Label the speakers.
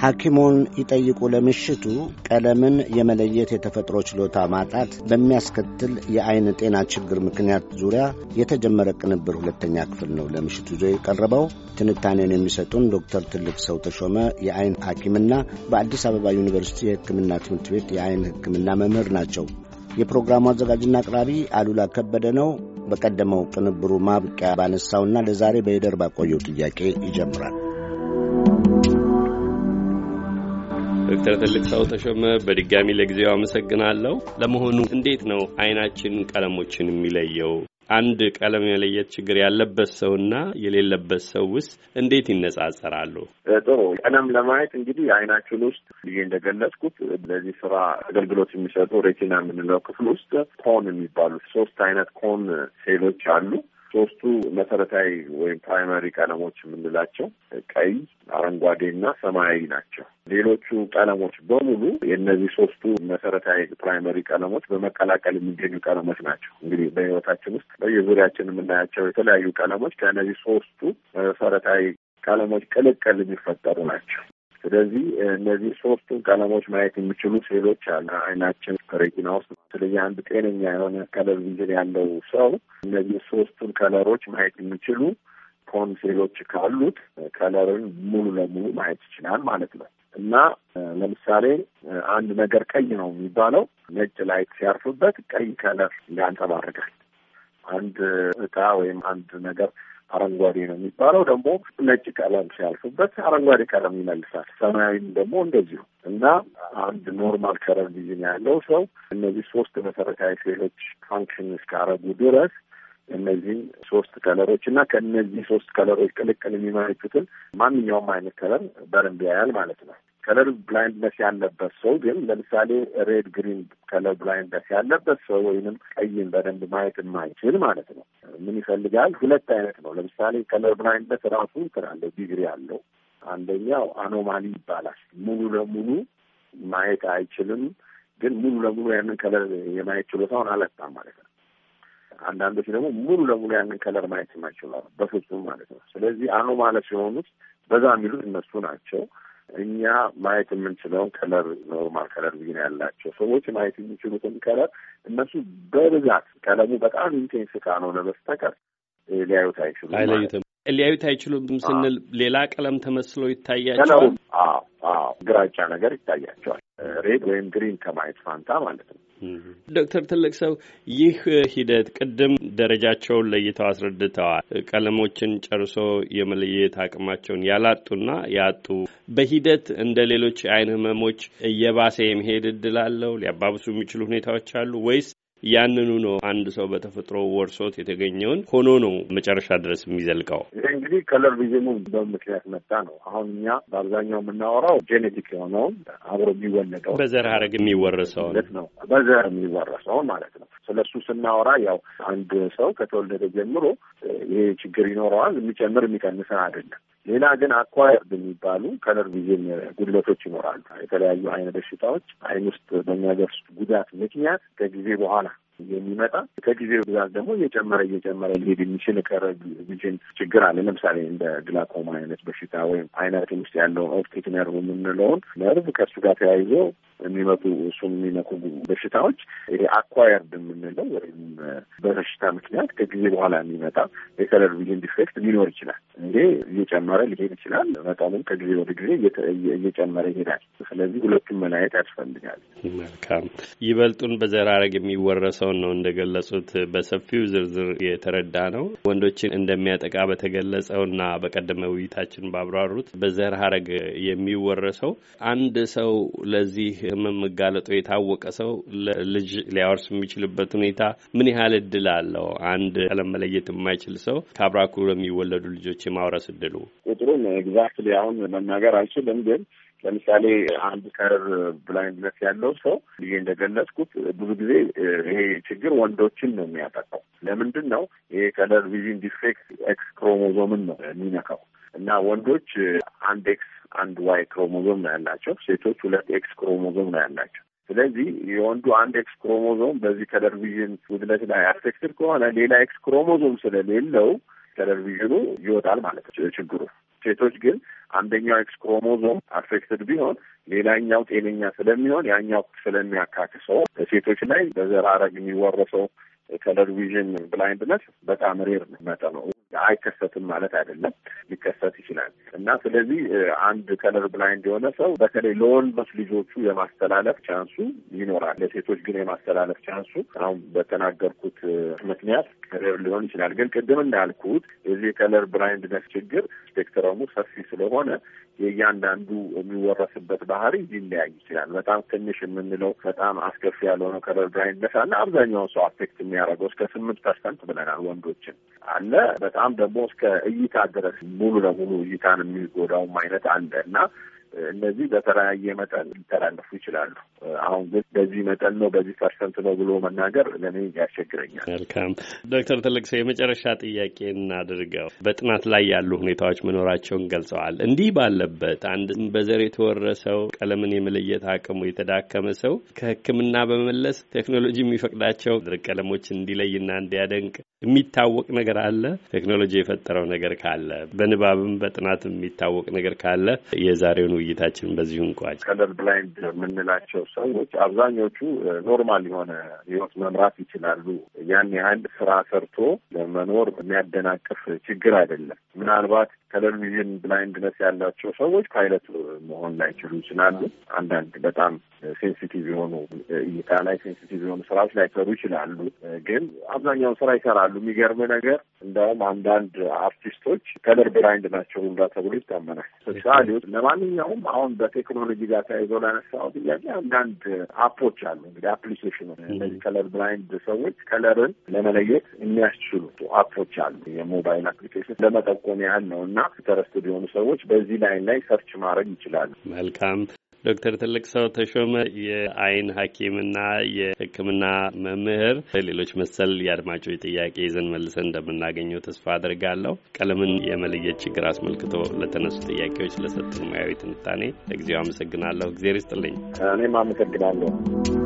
Speaker 1: ሐኪሙን ይጠይቁ ለምሽቱ ቀለምን የመለየት የተፈጥሮ ችሎታ ማጣት በሚያስከትል የአይን ጤና ችግር ምክንያት ዙሪያ የተጀመረ ቅንብር ሁለተኛ ክፍል ነው ለምሽቱ ይዞ የቀረበው። ትንታኔውን የሚሰጡን ዶክተር ትልቅ ሰው ተሾመ የአይን ሐኪምና በአዲስ አበባ ዩኒቨርሲቲ የሕክምና ትምህርት ቤት የአይን ሕክምና መምህር ናቸው። የፕሮግራሙ አዘጋጅና አቅራቢ አሉላ ከበደ ነው። በቀደመው ቅንብሩ ማብቂያ ባነሳውና ለዛሬ በይደር ባቆየው ጥያቄ ይጀምራል። ዶክተር ትልቅ ሰው ተሾመ በድጋሚ ለጊዜው አመሰግናለሁ። ለመሆኑ እንዴት ነው አይናችን ቀለሞችን የሚለየው? አንድ ቀለም የለየት ችግር ያለበት ሰውና የሌለበት ሰው ውስጥ እንዴት ይነጻጸራሉ?
Speaker 2: ጥሩ ቀለም ለማየት እንግዲህ አይናችን ውስጥ ብዬ እንደገለጽኩት ለዚህ ስራ አገልግሎት የሚሰጡ ሬቲና የምንለው ክፍል ውስጥ ኮን የሚባሉ ሶስት አይነት ኮን ሴሎች አሉ። ሶስቱ መሰረታዊ ወይም ፕራይማሪ ቀለሞች የምንላቸው ቀይ፣ አረንጓዴ እና ሰማያዊ ናቸው። ሌሎቹ ቀለሞች በሙሉ የእነዚህ ሶስቱ መሰረታዊ ፕራይመሪ ቀለሞች በመቀላቀል የሚገኙ ቀለሞች ናቸው። እንግዲህ በህይወታችን ውስጥ በየዙሪያችን የምናያቸው የተለያዩ ቀለሞች ከእነዚህ ሶስቱ መሰረታዊ ቀለሞች ቅልቅል የሚፈጠሩ ናቸው። ስለዚህ እነዚህ ሶስቱን ቀለሞች ማየት የሚችሉ ሴሎች አለ አይናችን ሬቲና ውስጥ። ስለዚህ አንድ ጤነኛ የሆነ ከለር ቪዥን ያለው ሰው እነዚህ ሶስቱን ከለሮች ማየት የሚችሉ ኮን ሴሎች ካሉት ከለርን ሙሉ ለሙሉ ማየት ይችላል ማለት ነው። እና ለምሳሌ አንድ ነገር ቀይ ነው የሚባለው ነጭ ላይት ሲያርፍበት ቀይ ከለር ያንጸባርቃል። አንድ እቃ ወይም አንድ ነገር አረንጓዴ ነው የሚባለው ደግሞ ነጭ ቀለም ሲያልፍበት አረንጓዴ ቀለም ይመልሳል። ሰማያዊም ደግሞ እንደዚሁ እና አንድ ኖርማል ከለር ቪዥን ያለው ሰው እነዚህ ሶስት መሰረታዊ ሴሎች ፋንክሽን እስካረጉ ድረስ እነዚህም ሶስት ከለሮች እና ከእነዚህ ሶስት ከለሮች ቅልቅል የሚመለከቱትን ማንኛውም አይነት ከለር በደንብ ያያል ማለት ነው። ከለር ብላይንድነስ ያለበት ሰው ግን ለምሳሌ ሬድ ግሪን ከለር ብላይንድነስ ያለበት ሰው ወይንም ቀይን በደንብ ማየት የማይችል ማለት ነው። ምን ይፈልጋል? ሁለት አይነት ነው። ለምሳሌ ከለር ብላይንድነስ ራሱ እንትን አለው፣ ዲግሪ አለው። አንደኛው አኖማሊ ይባላል። ሙሉ ለሙሉ ማየት አይችልም፣ ግን ሙሉ ለሙሉ ያንን ከለር የማየት ችሎታውን አለጣም ማለት ነው። አንዳንዶች ደግሞ ሙሉ ለሙሉ ያንን ከለር ማየት የማይችሉ በፍጹም ማለት ነው። ስለዚህ አኖማለ ሲሆኑት በዛ የሚሉት እነሱ ናቸው። እኛ ማየት የምንችለውን ከለር ኖርማል ከለር ቪዥን ያላቸው ሰዎች ማየት የሚችሉትን ከለር እነሱ በብዛት ቀለሙ በጣም ኢንቴንስ ካልሆነ በስተቀር ሊያዩት አይችሉም። አይለዩትም።
Speaker 1: ሊያዩት አይችሉም ስንል ሌላ ቀለም ተመስሎ ይታያቸዋል። አዎ፣ አዎ ግራጫ ነገር
Speaker 2: ይታያቸዋል። ሬድ ወይም ግሪን ከማየት ፋንታ ማለት ነው።
Speaker 1: ዶክተር ትልቅ ሰው ይህ ሂደት ቅድም ደረጃቸውን ለይተው አስረድተዋል። ቀለሞችን ጨርሶ የመለየት አቅማቸውን ያላጡና ያጡ በሂደት እንደ ሌሎች አይን ህመሞች እየባሰ የመሄድ እድል አለው። ሊያባብሱ የሚችሉ ሁኔታዎች አሉ ወይስ ያንኑ ነው አንድ ሰው በተፈጥሮ ወርሶት የተገኘውን ሆኖ ነው መጨረሻ ድረስ የሚዘልቀው።
Speaker 2: ይህ እንግዲህ ከለር ቪዥኑ በምክንያት መጣ ነው። አሁን እኛ በአብዛኛው የምናወራው ጄኔቲክ የሆነውን አብሮ የሚወለደው
Speaker 1: በዘር ሀረግ የሚወረሰው ነው፣
Speaker 2: በዘር የሚወረሰው ማለት ነው። እሱ ስናወራ ያው አንድ ሰው ከተወለደ ጀምሮ ይሄ ችግር ይኖረዋል፣ የሚጨምር የሚቀንስ አይደለም። ሌላ ግን አኳየርድ የሚባሉ ከለር ቪዥን ጉድለቶች ይኖራሉ። የተለያዩ አይነ በሽታዎች አይን ውስጥ በሚያደርሱት ጉዳት ምክንያት ከጊዜ በኋላ የሚመጣ ከጊዜ ብዛት ደግሞ እየጨመረ እየጨመረ ሊሄድ የሚችል ከረቪዥን ችግር አለ። ለምሳሌ እንደ ግላኮማ አይነት በሽታ ወይም አይናችን ውስጥ ያለውን ኦፕቲክ ነርቭ የምንለውን ነርቭ ከእሱ ጋር ተያይዞ የሚመጡ እሱን የሚነኩ በሽታዎች ይሄ አኳየርድ የምንለው ወይም በበሽታ ምክንያት ከጊዜ በኋላ የሚመጣ የከለር ቪዥን ዲፌክት ሊኖር ይችላል። እንዴ እየጨመረ ሊሄድ ይችላል። መጠኑም ከጊዜ ወደ ጊዜ እየጨመረ ይሄዳል። ስለዚህ ሁለቱም መለያየት ያስፈልጋል።
Speaker 1: መልካም ይበልጡን በዘራረግ የሚወረሰው ገለጸውን ነው እንደገለጹት በሰፊው ዝርዝር የተረዳ ነው። ወንዶችን እንደሚያጠቃ በተገለጸውና በቀደመ ውይይታችን ባብራሩት በዘር ሀረግ የሚወረሰው አንድ ሰው ለዚህ ህመም መጋለጡ የታወቀ ሰው ልጅ ሊያወርስ የሚችልበት ሁኔታ ምን ያህል እድል አለው? አንድ ለመለየት የማይችል ሰው ከአብራኩ ለሚወለዱ ልጆች የማውረስ እድሉ
Speaker 2: ቁጥሩን ኤግዛክትሊ አሁን መናገር አልችልም ግን ለምሳሌ አንድ ከለር ብላይንድነት ያለው ሰው ይሄ እንደገለጽኩት ብዙ ጊዜ ይሄ ችግር ወንዶችን ነው የሚያጠቃው። ለምንድን ነው ይሄ ከለር ቪዥን ዲፌክት ኤክስ ክሮሞዞምን ነው የሚነካው እና ወንዶች አንድ ኤክስ አንድ ዋይ ክሮሞዞም ነው ያላቸው፣ ሴቶች ሁለት ኤክስ ክሮሞዞም ነው ያላቸው። ስለዚህ የወንዱ አንድ ኤክስ ክሮሞዞም በዚህ ከለር ቪዥን ጉድለት ላይ አፌክትድ ከሆነ ሌላ ኤክስ ክሮሞዞም ስለሌለው ቴሌቪዥኑ ይወጣል ማለት ነው ችግሩ። ሴቶች ግን አንደኛው ኤክስ ክሮሞዞም አፌክትድ ቢሆን ሌላኛው ጤነኛ ስለሚሆን ያኛው ስለሚያካክሰው ሴቶች ላይ በዘር ሐረግ የሚወረሰው ቴሌቪዥን ብላይንድነት በጣም ሬር መጠ ነው። አይከሰትም ማለት አይደለም፣ ሊከሰት ይችላል እና ስለዚህ አንድ ከለር ብላይንድ የሆነ ሰው በተለይ ለወንዶች ልጆቹ የማስተላለፍ ቻንሱ ይኖራል። ለሴቶች ግን የማስተላለፍ ቻንሱ አሁን በተናገርኩት ምክንያት ሊሆን ይችላል። ግን ቅድም እንዳልኩት የዚህ የከለር ብላይንድነስ ችግር ስፔክትረሙ ሰፊ ስለሆነ የእያንዳንዱ የሚወረስበት ባህሪ ሊለያይ ይችላል። በጣም ትንሽ የምንለው በጣም አስከፊ ያልሆነው ከለር ብላይንድነስ አለ። አብዛኛውን ሰው አፌክት የሚያደርገው እስከ ስምንት ፐርሰንት ብለናል ወንዶችን አለ። በጣም ደግሞ እስከ እይታ ድረስ ሙሉ ለሙሉ እይታን የሚጎዳውም አይነት አለ እና እነዚህ በተለያየ መጠን ሊተላለፉ ይችላሉ። አሁን ግን በዚህ መጠን ነው በዚህ ፐርሰንት ነው ብሎ መናገር ለእኔ
Speaker 1: ያስቸግረኛል። መልካም ዶክተር ትልቅ ሰው የመጨረሻ ጥያቄ እናድርገው። በጥናት ላይ ያሉ ሁኔታዎች መኖራቸውን ገልጸዋል። እንዲህ ባለበት አንድ በዘር የተወረሰው ቀለምን የመለየት አቅሙ የተዳከመ ሰው ከሕክምና በመለስ ቴክኖሎጂ የሚፈቅዳቸው ቀለሞች እንዲለይና እንዲያደንቅ የሚታወቅ ነገር አለ? ቴክኖሎጂ የፈጠረው ነገር ካለ በንባብም በጥናትም የሚታወቅ ነገር ካለ የዛሬውን ውይይታችን በዚሁ እንቋጭ። ከለር ብላይንድ
Speaker 2: የምንላቸው ሰዎች አብዛኞቹ ኖርማል የሆነ ህይወት መምራት ይችላሉ። ያን ያህል ስራ ሰርቶ ለመኖር የሚያደናቅፍ ችግር አይደለም። ምናልባት ከለር ቪዥን ብላይንድነስ ያላቸው ሰዎች ፓይለት መሆን ላይችሉ ይችላሉ። አንዳንድ በጣም ሴንሲቲቭ የሆኑ እይታ ላይ ሴንሲቲቭ የሆኑ ስራዎች ላይሰሩ ይችላሉ። ግን አብዛኛውን ስራ ይሰራሉ። የሚገርም ነገር እንደውም አንዳንድ አርቲስቶች ከለር ብላይንድ ናቸው ሁላ ተብሎ ይታመናል። ሰሳሌዎች ለማንኛውም አሁን በቴክኖሎጂ ጋር ተያይዞ ላነሳው ጥያቄ አንዳንድ አፖች አሉ እንግዲህ አፕሊኬሽን እነዚህ ከለር ብላይንድ ሰዎች ከለርን ለመለየት የሚያስችሉ አፖች አሉ። የሞባይል አፕሊኬሽን ለመጠቆም ያህል ነው እና ተረስቱ የሆኑ ሰዎች በዚህ ላይን ላይ ሰርች ማድረግ ይችላሉ።
Speaker 1: መልካም ዶክተር ትልቅ ሰው ተሾመ የአይን ሐኪምና የሕክምና መምህር፣ ሌሎች መሰል የአድማጮች ጥያቄ ይዘን መልሰን እንደምናገኘው ተስፋ አድርጋለሁ። ቀለምን የመለየት ችግር አስመልክቶ ለተነሱ ጥያቄዎች ለሰጡን ሙያዊ ትንታኔ ለጊዜው አመሰግናለሁ። እግዜር ይስጥልኝ።
Speaker 2: እኔም አመሰግናለሁ።